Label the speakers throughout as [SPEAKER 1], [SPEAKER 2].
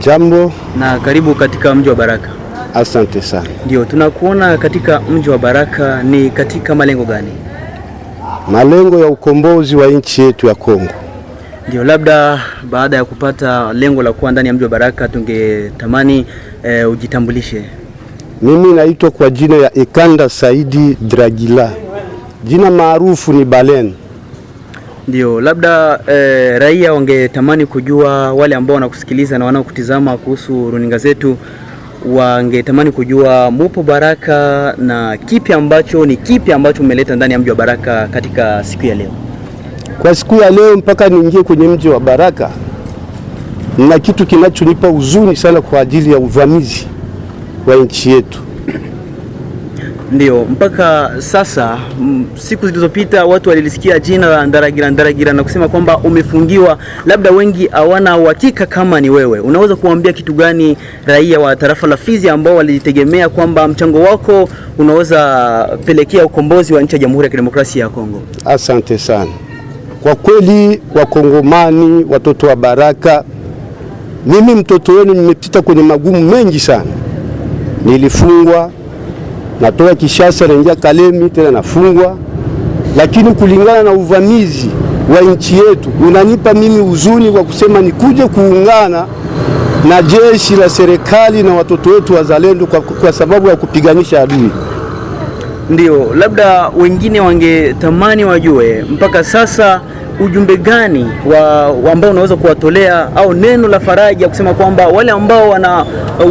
[SPEAKER 1] Jambo
[SPEAKER 2] na karibu katika mji wa Baraka.
[SPEAKER 1] Asante sana.
[SPEAKER 2] Ndio, tunakuona katika mji wa Baraka, ni katika malengo gani?
[SPEAKER 1] Malengo ya ukombozi wa nchi yetu ya Kongo.
[SPEAKER 2] Ndio, labda baada ya kupata lengo la kuwa ndani ya mji wa Baraka, tungetamani e, ujitambulishe.
[SPEAKER 1] Mimi naitwa kwa jina ya Ikanda Saidi Dragila, jina maarufu ni Balen.
[SPEAKER 2] Ndio, labda e, raia wangetamani kujua, wale ambao wanakusikiliza na wanaokutizama kuhusu runinga zetu wangetamani kujua mupo Baraka na kipi ambacho ni kipi ambacho mmeleta ndani ya mji wa Baraka katika siku ya leo.
[SPEAKER 1] Kwa siku ya leo, mpaka niingie kwenye mji wa Baraka na kitu kinachonipa huzuni sana kwa ajili ya uvamizi wa nchi yetu
[SPEAKER 2] ndio, mpaka sasa siku zilizopita watu walilisikia jina la Ndaragira Ndaragira na kusema kwamba umefungiwa, labda wengi hawana uhakika kama ni wewe. Unaweza kuambia kitu gani raia wa tarafa la Fizi ambao walitegemea kwamba mchango wako unaweza pelekea ukombozi wa nchi ya Jamhuri ya Kidemokrasia ya Kongo?
[SPEAKER 1] Asante sana kwa kweli, Wakongomani, watoto wa Baraka, mimi mtoto wenu nimepita kwenye magumu mengi sana, nilifungwa natoka Kishasa naingia Kalemi tena nafungwa, lakini kulingana na uvamizi wa nchi yetu unanipa mimi huzuni kwa kusema nikuje kuungana na jeshi la serikali na watoto wetu wazalendo kwa, kwa sababu ya kupiganisha adui.
[SPEAKER 2] Ndio labda wengine wangetamani wajue mpaka sasa ujumbe gani wa ambao unaweza kuwatolea au neno la faraja kusema kwamba wale ambao wana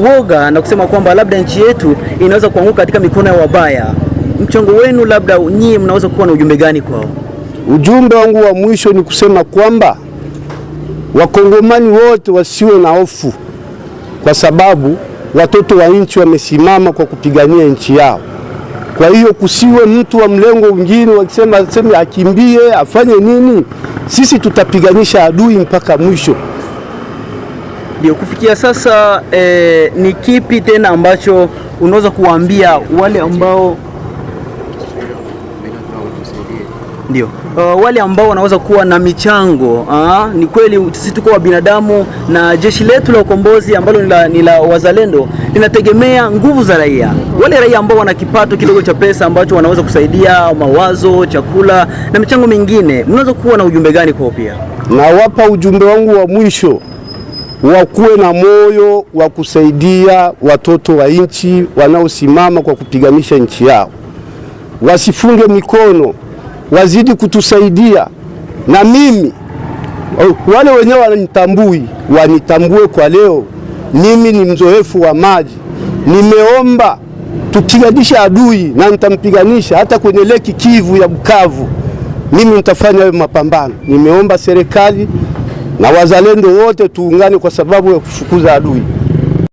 [SPEAKER 2] woga na kusema kwamba labda nchi yetu inaweza kuanguka katika mikono ya wabaya, mchongo wenu labda nyie mnaweza kuwa na ujumbe gani kwao?
[SPEAKER 1] Ujumbe wangu wa mwisho ni kusema kwamba wakongomani wote wasiwe na hofu, kwa sababu watoto wa nchi wamesimama kwa kupigania nchi yao. Kwa hiyo kusiwe mtu wa mlengo mwingine wakisema sema akimbie afanye nini, sisi tutapiganisha adui mpaka mwisho.
[SPEAKER 2] Ndio kufikia sasa eh, ni kipi tena ambacho unaweza kuwaambia wale ambao ndio. Uh, wale ambao wanaweza kuwa na michango uh, ni kweli sisi tuko wa binadamu na jeshi letu la ukombozi ambalo ni la wazalendo linategemea nguvu za raia. Wale raia ambao wana kipato kidogo cha pesa ambacho wanaweza kusaidia mawazo, chakula na michango mingine, mnaweza kuwa na ujumbe gani kwao? Pia
[SPEAKER 1] nawapa ujumbe wangu wa mwisho, wakuwe na moyo wa kusaidia watoto wa nchi wanaosimama kwa kupiganisha nchi yao, wasifunge mikono wazidi kutusaidia, na mimi oh, wale wenyewe wanitambui wanitambue. Kwa leo mimi ni mzoefu wa maji, nimeomba tupiganishe adui na nitampiganisha hata kwenye leki Kivu ya Bukavu, mimi nitafanya hayo mapambano. Nimeomba serikali na wazalendo wote tuungane kwa sababu ya kufukuza adui.